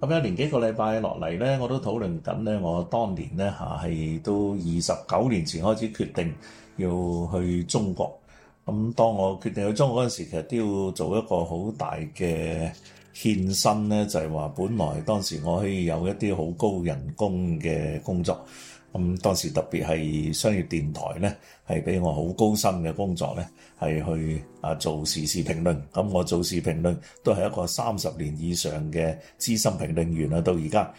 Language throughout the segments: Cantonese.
咁、嗯、一年幾個禮拜落嚟咧，我都討論緊咧。我當年咧嚇係都二十九年前開始決定要去中國。咁、嗯、當我決定去中國嗰陣時，其實都要做一個好大嘅獻身咧，就係、是、話本來當時我可以有一啲好高人工嘅工作。咁當時特別係商業電台咧，係俾我好高薪嘅工作咧，係去啊做時事評論。咁我做時事評論都係一個三十年以上嘅資深評論員啦，到而家。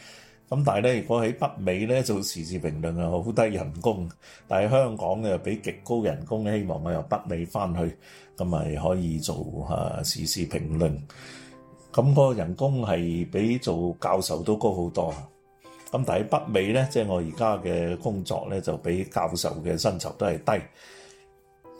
咁但係咧，如果喺北美咧做時事評論啊，好低人工。但係香港嘅又俾極高人工，希望我由北美翻去咁咪可以做啊時事評論。咁個人工係比做教授都高好多。咁但係北美咧，即係我而家嘅工作咧，就比教授嘅薪酬都係低。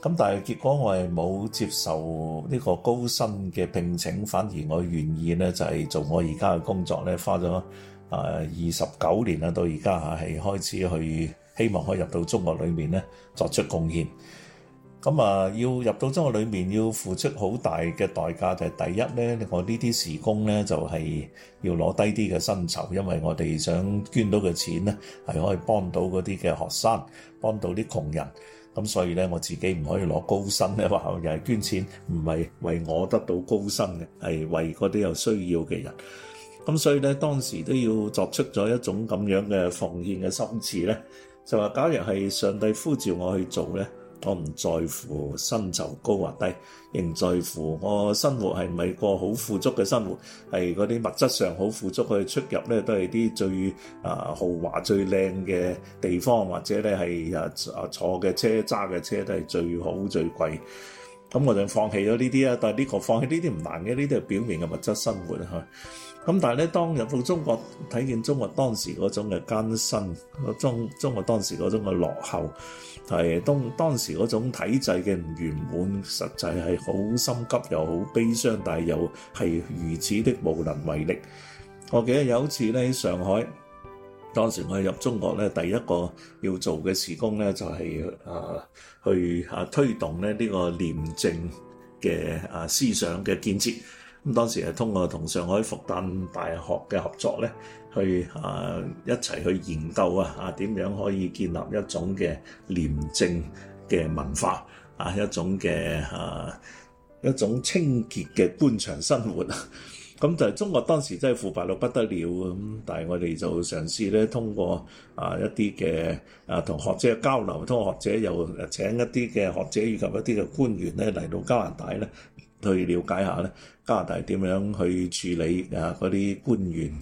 咁但係結果我係冇接受呢個高薪嘅聘請，反而我願意咧就係做我而家嘅工作咧，花咗啊二十九年啊，到而家係開始去希望可以入到中國裏面咧作出貢獻。咁啊，要入到真我裏面，要付出好大嘅代價。就係第一咧，我呢啲時工咧就係要攞低啲嘅薪酬，因為我哋想捐到嘅錢咧係可以幫到嗰啲嘅學生，幫到啲窮人。咁所以咧，我自己唔可以攞高薪咧，話又係捐錢，唔係為我得到高薪嘅，係為嗰啲有需要嘅人。咁所以咧，當時都要作出咗一種咁樣嘅奉獻嘅心志咧，就話假如係上帝呼召我去做咧。我唔在乎薪酬高或低，仍在乎我生活係咪過好富足嘅生活，係嗰啲物質上好富足去出入咧，都係啲最啊、呃、豪華、最靚嘅地方，或者咧係啊啊坐嘅車揸嘅車都係最好、最貴。咁我就放棄咗呢啲啊，但係呢個放棄呢啲唔難嘅，呢啲係表面嘅物質生活啊。咁但係咧，當入到中國睇見中國當時嗰種嘅艱辛，中中國當時嗰種嘅落後，係當當時嗰種體制嘅唔圓滿，實際係好心急又好悲傷，但係又係如此的無能為力。我記得有一次咧喺上海。當時我入中國咧，第一個要做嘅事工咧、就是，就係誒去啊推動咧呢個廉政嘅啊思想嘅建設。咁當時係通過同上海復旦大學嘅合作咧，去啊、呃、一齊去研究啊，點樣可以建立一種嘅廉政嘅文化啊，一種嘅啊一種清潔嘅官場生活。咁就係中國當時真係腐敗到不得了咁，但係我哋就嘗試咧，通過啊一啲嘅啊同學者交流，通過學者又請一啲嘅學者以及一啲嘅官員咧嚟到加拿大咧去了解下咧。加拿大點樣去處理啊，嗰啲官員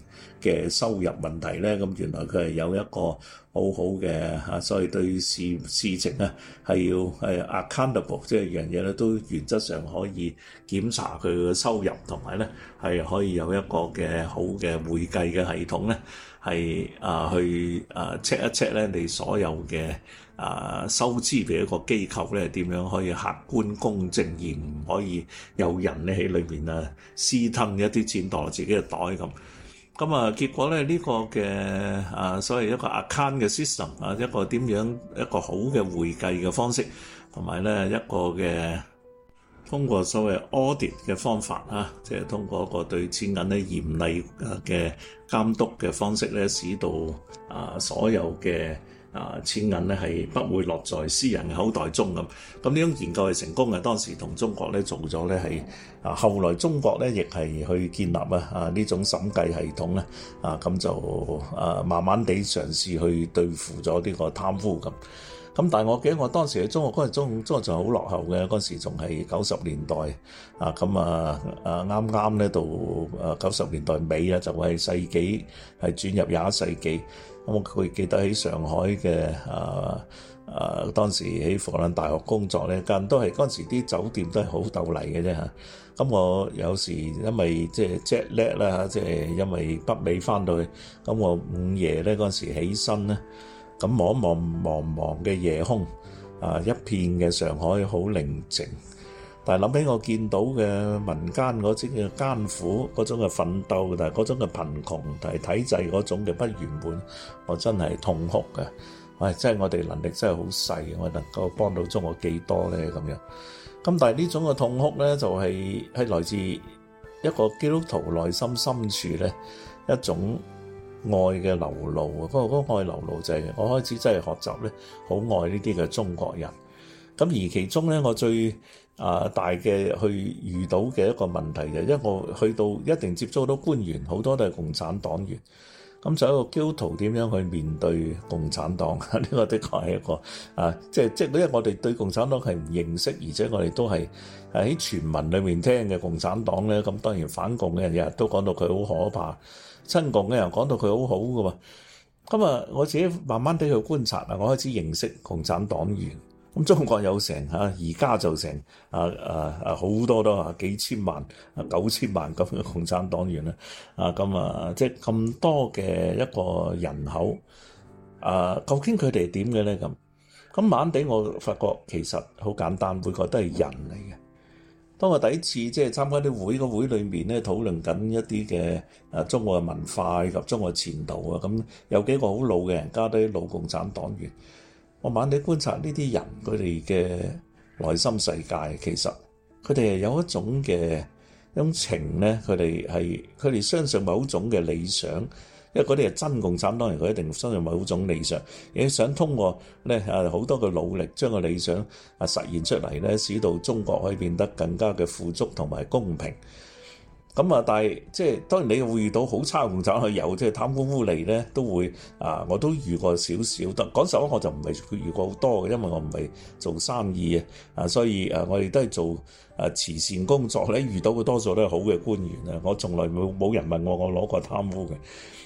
嘅收入問題咧？咁原來佢係有一個好好嘅嚇，所以對事事情咧係要係 accountable，即係樣嘢咧都原則上可以檢查佢嘅收入，同埋咧係可以有一個嘅好嘅會計嘅系統咧，係啊去啊 check 一 check 咧你所有嘅。啊，收支嘅一個機構咧，點樣可以客觀公正而唔可以有人咧喺裏面啊私吞一啲錢袋自己嘅袋咁？咁啊，結果咧呢、這個嘅啊，所謂一個 account 嘅 system 啊，一個點樣一個好嘅會計嘅方式，同埋咧一個嘅通過所謂 audit 嘅方法啊，即係通過一個對錢銀咧嚴厲嘅監督嘅方式咧，使到啊所有嘅。啊！錢銀咧係不會落在私人嘅口袋中咁，咁呢種研究係成功嘅。當時同中國咧做咗咧係啊，後來中國咧亦係去建立啊啊呢種審計系統咧啊，咁就啊慢慢地嘗試去對付咗呢個貪污咁。咁但係我記得我當時喺中國嗰陣中中國仲好落後嘅，嗰時仲係九十年代啊，咁啊啊啱啱咧到啊九十年代尾啊，就係世紀係轉入廿一世紀。我記記得喺上海嘅啊啊，當時喺復旦大學工作咧，間都係嗰陣時啲酒店都係好鬥嚟嘅啫嚇。咁、啊啊啊、我有時因為即係 jetlag, 即係因為北美翻到去，咁我午夜咧嗰陣時起身咧，咁望一望茫茫嘅夜空，啊，啊，啊，啊一片嘅上海好寧靜。但係諗起我見到嘅民間嗰種嘅艱苦，嗰種嘅奮鬥，但係嗰種嘅貧窮同埋體制嗰種嘅不圓滿，我真係痛哭嘅。唉、哎，真係我哋能力真係好細，我能夠幫到中國幾多咧？咁樣。咁但係呢種嘅痛哭咧，就係、是、係來自一個基督徒內心深處咧一種愛嘅流露。嗰個嗰個愛流露就係、是、我開始真係學習咧，好愛呢啲嘅中國人。咁而其中咧，我最啊大嘅去遇到嘅一個問題就是、因為我去到一定接觸到官員，好多都係共產黨員。咁就一個基督徒點樣去面對共產黨？呢 個的確係一個啊，即係即係，因為我哋對共產黨係唔認識，而且我哋都係喺傳聞裏面聽嘅共產黨咧。咁當然反共嘅人日都講到佢好可怕，親共嘅人講到佢好好噶嘛。咁啊，我自己慢慢地去觀察啊，我開始認識共產黨員。咁中國有成嚇，而家就成啊啊啊好多都啊幾千萬啊九千萬咁嘅共產黨員啦，啊咁啊即係咁多嘅一個人口，啊究竟佢哋係點嘅咧咁？咁、啊、慢地我發覺其實好簡單，每個都係人嚟嘅。當我第一次即係、就是、參加啲會個會裏面咧，討論緊一啲嘅啊中國嘅文化以及中國嘅前途啊，咁有幾個好老嘅人家啲老共產黨員。我慢慢地觀察呢啲人佢哋嘅內心世界，其實佢哋係有一種嘅一種情咧，佢哋係佢哋相信某種嘅理想，因為嗰啲係真共產黨人，佢一定相信某種理想，亦想通過咧啊好多嘅努力將個理想啊實現出嚟咧，使到中國可以變得更加嘅富足同埋公平。咁啊，但係即係當然，你會遇到好差唔紅去有即係貪污污吏咧，都會啊，我都遇過少少。但講實話，我就唔係遇過好多嘅，因為我唔係做生意啊，所以誒、啊，我哋都係做誒慈善工作咧，遇到嘅多數都係好嘅官員啊。我從來冇冇人問我我攞過貪污嘅。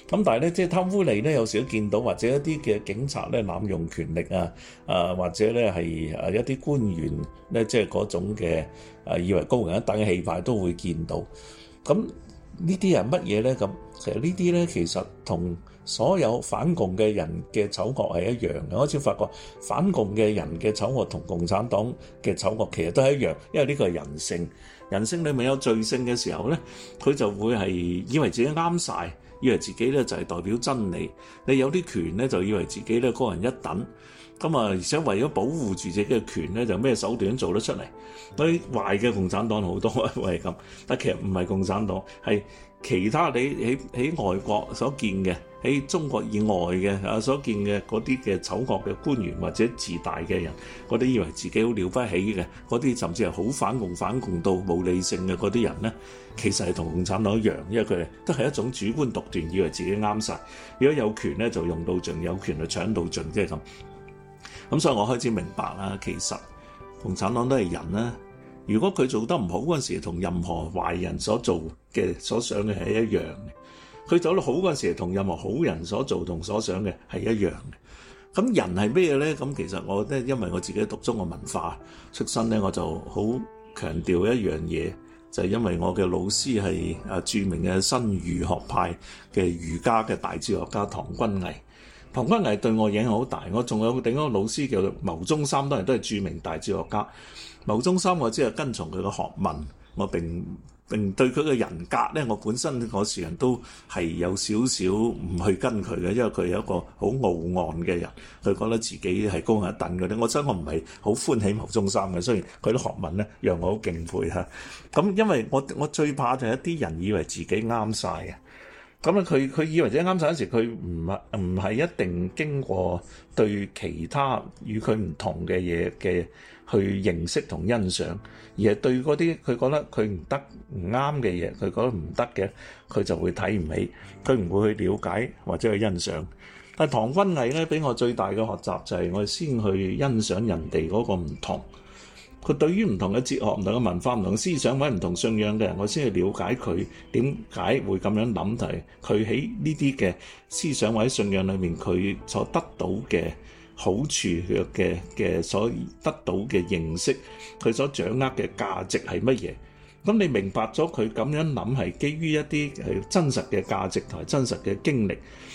咁但係咧，即係貪污吏咧，有時都見到，或者一啲嘅警察咧濫用權力啊，誒或者咧係誒一啲官員咧，即係嗰種嘅誒以為高人一等嘅氣派都會見到。咁呢啲係乜嘢呢？咁其實呢啲呢，其實同所有反共嘅人嘅醜惡係一樣嘅。我始終發覺反共嘅人嘅醜惡同共產黨嘅醜惡其實都係一樣，因為呢個係人性。人性裏面有罪性嘅時候呢，佢就會係以為自己啱晒，以為自己呢就係代表真理。你有啲權呢，就以為自己呢高人一等。咁啊！而且為咗保護住自己嘅權咧，就咩手段都做得出嚟。嗰啲壞嘅共產黨好多，係咁。但其實唔係共產黨，係其他你喺喺外國所見嘅，喺中國以外嘅啊所見嘅嗰啲嘅醜惡嘅官員或者自大嘅人，嗰啲以為自己好了不起嘅，嗰啲甚至係好反共反共到冇理性嘅嗰啲人咧，其實係同共產黨一樣，因為佢哋都係一種主觀獨斷，以為自己啱晒。如果有權咧就用到盡，有權就搶到盡，即係咁。咁所以我開始明白啦，其實共產黨都係人啦。如果佢做得唔好嗰陣時，同任何壞人所做嘅、所想嘅係一樣嘅；佢做得好嗰陣時，同任何好人所做同所想嘅係一樣嘅。咁人係咩呢？咁其實我咧，因為我自己讀中國文化出身呢，我就好強調一樣嘢，就係、是、因為我嘅老師係啊著名嘅新儒學派嘅儒家嘅大哲學家唐君毅。彭君毅對我影響好大，我仲有另一個老師叫牟宗三，當然都係著名大哲學家。牟宗三我只係跟從佢嘅學問，我並並對佢嘅人格咧，我本身我常都係有少少唔去跟佢嘅，因為佢係一個好傲岸嘅人，佢覺得自己係高人一等嘅。我真我唔係好歡喜牟宗三嘅，雖然佢啲學問咧讓我好敬佩嚇。咁因為我我最怕就係一啲人以為自己啱晒。啊！咁咧，佢佢、嗯、以為只啱晒嗰時，佢唔唔係一定經過對其他與佢唔同嘅嘢嘅去認識同欣賞，而係對嗰啲佢覺得佢唔得唔啱嘅嘢，佢覺得唔得嘅，佢就會睇唔起，佢唔會去了解或者去欣賞。但係唐君毅咧，俾我最大嘅學習就係我哋先去欣賞人哋嗰個唔同。佢對於唔同嘅哲學、唔同嘅文化、唔同嘅思想或者唔同信仰嘅人，我先去了解佢點解會咁樣諗佢。佢喺呢啲嘅思想或者信仰裏面，佢所得到嘅好處嘅嘅佢嘅所得到嘅認識，佢所掌握嘅價值係乜嘢？咁你明白咗佢咁樣諗係基於一啲係真實嘅價值同埋真實嘅經歷。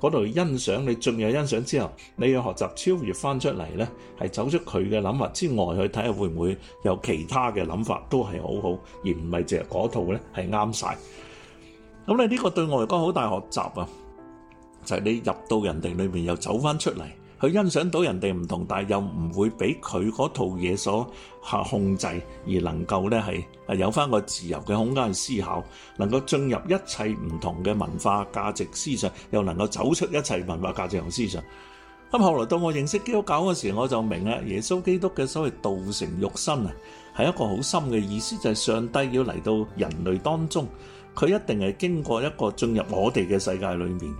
嗰度欣賞，你進入欣賞之後，你要學習超越翻出嚟咧，係走出佢嘅諗法之外去睇下會唔會有其他嘅諗法都係好好，而唔係淨係嗰套咧係啱晒。咁你呢個對我嚟講好大學習啊！就係你入到人哋裏面又走翻出嚟。佢欣賞到人哋唔同，但係又唔會俾佢嗰套嘢所嚇控制，而能夠呢係有翻個自由嘅空間去思考，能夠進入一切唔同嘅文化價值思想，又能夠走出一切文化價值同思想。咁後來到我認識基督教嘅時候，我就明啦。耶穌基督嘅所謂道成肉身啊，係一個好深嘅意思，就係、是、上帝要嚟到人類當中，佢一定係經過一個進入我哋嘅世界裏面。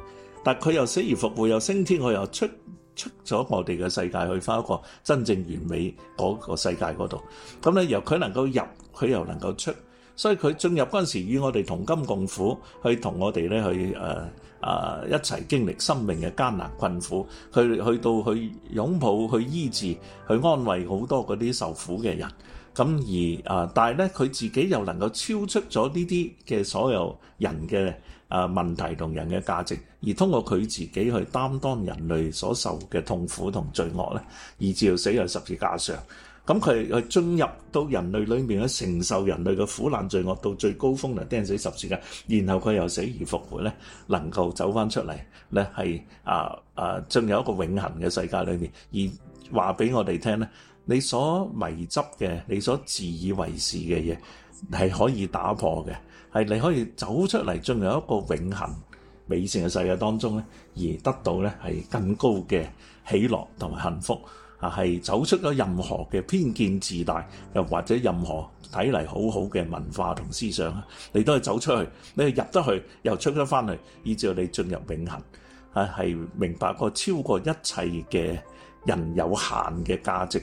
但佢又死而復活，又升天，佢又出。出咗我哋嘅世界，去翻一個真正完美嗰個世界嗰度。咁咧，由佢能夠入，佢又能夠出，所以佢進入嗰陣時，與我哋同甘共苦，去同我哋咧去誒、呃、啊一齊經歷生命嘅艱難困苦，去去到去擁抱、去醫治、去安慰好多嗰啲受苦嘅人。咁而啊，但係咧，佢自己又能夠超出咗呢啲嘅所有人嘅啊問題同人嘅價值，而通過佢自己去擔當人類所受嘅痛苦同罪惡咧，而至要死喺十字架上。咁佢係進入到人類裏面咧，承受人類嘅苦難罪惡到最高峰嚟釘死十字架，然後佢又死而復活咧，能夠走翻出嚟咧，係啊啊進入一個永恆嘅世界裏面，而話俾我哋聽咧。你所迷執嘅，你所自以為是嘅嘢，係可以打破嘅。係你可以走出嚟進入一個永恆美善嘅世界當中咧，而得到咧係更高嘅喜樂同埋幸福啊。係走出咗任何嘅偏見、自大又或者任何睇嚟好好嘅文化同思想啊，你都係走出去，你係入得去又出得翻去，以至你進入永恆啊，係明白個超過一切嘅人有限嘅價值。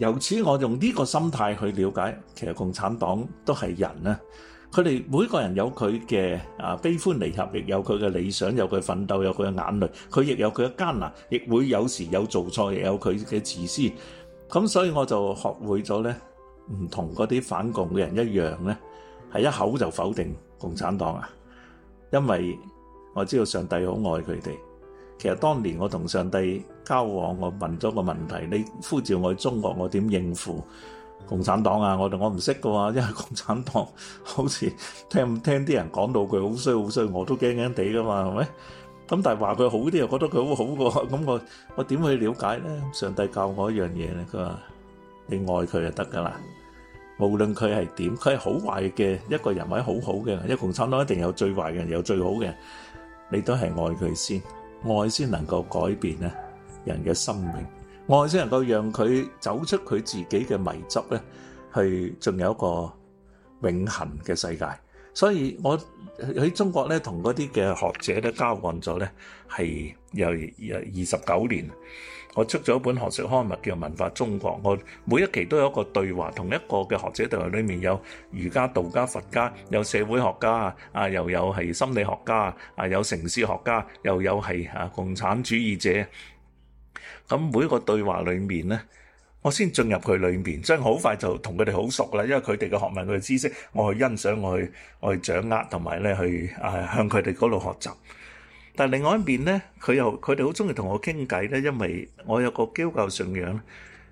由此我用呢個心態去了解，其實共產黨都係人啊！佢哋每個人有佢嘅啊悲歡離合，亦有佢嘅理想，有佢嘅奮鬥，有佢嘅眼淚，佢亦有佢嘅艱難，亦會有時有做錯，亦有佢嘅自私。咁所以我就學會咗咧，唔同嗰啲反共嘅人一樣咧，係一口就否定共產黨啊！因為我知道上帝好愛佢哋。其實當年我同上帝交往，我問咗個問題：你呼召我去中國，我點應付共產黨啊？我哋我唔識㗎嘛，因為共產黨好似聽唔聽啲人講到佢好衰好衰，我都驚驚地㗎嘛，係咪？咁但係話佢好啲，又覺得佢好好喎。咁我我點去了解咧？上帝教我一樣嘢咧，佢話你愛佢就得㗎啦。無論佢係點，佢係好壞嘅一個人位，好好嘅因為共產黨一定有最壞嘅人，有最好嘅，你都係愛佢先。愛先能夠改變人嘅生命，愛先能夠讓佢走出佢自己嘅迷執，去進入一個永恆嘅世界。所以我喺中國咧，同嗰啲嘅學者咧交往咗咧，係有二十九年。我出咗一本學術刊物叫《文化中國》，我每一期都有一個對話，同一個嘅學者對話，裏面有儒家、道家、佛家，有社會學家啊，又有係心理學家啊，有城市學家，又有係啊共產主義者。咁每一個對話裏面咧。我先進入佢裏面，將好快就同佢哋好熟啦。因為佢哋嘅學問、佢嘅知識，我去欣賞，我去我去掌握，同埋咧去啊向佢哋嗰度學習。但係另外一邊咧，佢又佢哋好中意同我傾偈咧，因為我有個基督教信仰，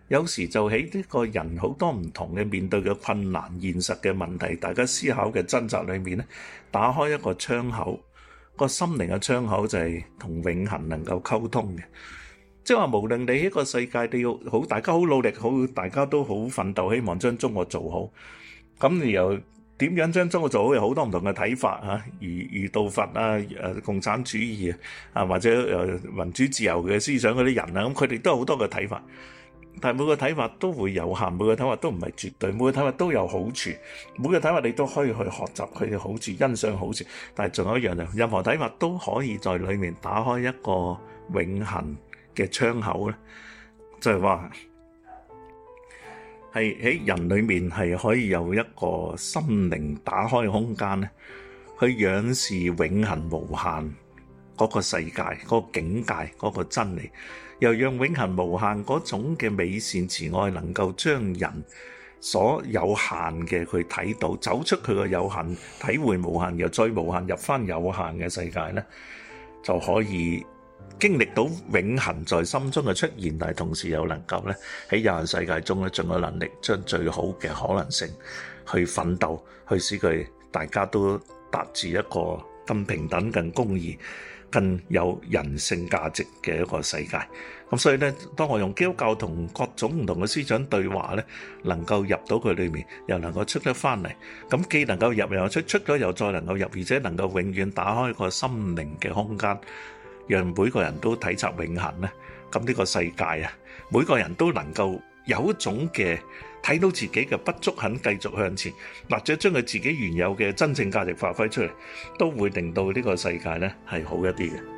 有時就喺呢個人好多唔同嘅面對嘅困難、現實嘅問題、大家思考嘅掙扎裏面咧，打開一個窗口，個心靈嘅窗口就係同永恆能夠溝通嘅。即係話，無論你喺個世界，你要好，大家好努力，好大家都好奮鬥，希望將中國做好。咁你又點樣將中國做好？有好多唔同嘅睇法啊，如如道佛啊，誒共產主義啊，或者誒民主自由嘅思想嗰啲人啊，咁佢哋都有好多嘅睇法。但係每個睇法都會有限，每個睇法都唔係絕對，每個睇法都有好處，每個睇法你都可以去學習佢嘅好處，欣賞好處。但係仲有一樣嘢，任何睇法都可以在裡面打開一個永恆嘅窗口咧，就係話係喺人裏面係可以有一個心靈打開空間咧，去仰視永恆無限嗰個世界、嗰個境界、嗰個真理，又讓永恆無限嗰種嘅美善慈愛能夠將人所有限嘅佢睇到，走出佢個有限，體會無限，又再無限入翻有限嘅世界咧，就可以。經歷到永恆在心中嘅出現，但係同時又能夠呢喺有限世界中呢盡個能力將最好嘅可能性去奮鬥，去使佢大家都達至一個更平等、更公義、更有人性價值嘅一個世界。咁所以呢，當我用基督教同各種唔同嘅思想對話呢，能夠入到佢裏面，又能夠出得返嚟，咁既能夠入又出，出咗又再能夠入，而且能夠永遠打開個心靈嘅空間。讓每個人都體察永恆咧，咁呢個世界啊，每個人都能夠有一種嘅睇到自己嘅不足，肯繼續向前，或者將佢自己原有嘅真正價值發揮出嚟，都會令到呢個世界咧係好一啲嘅。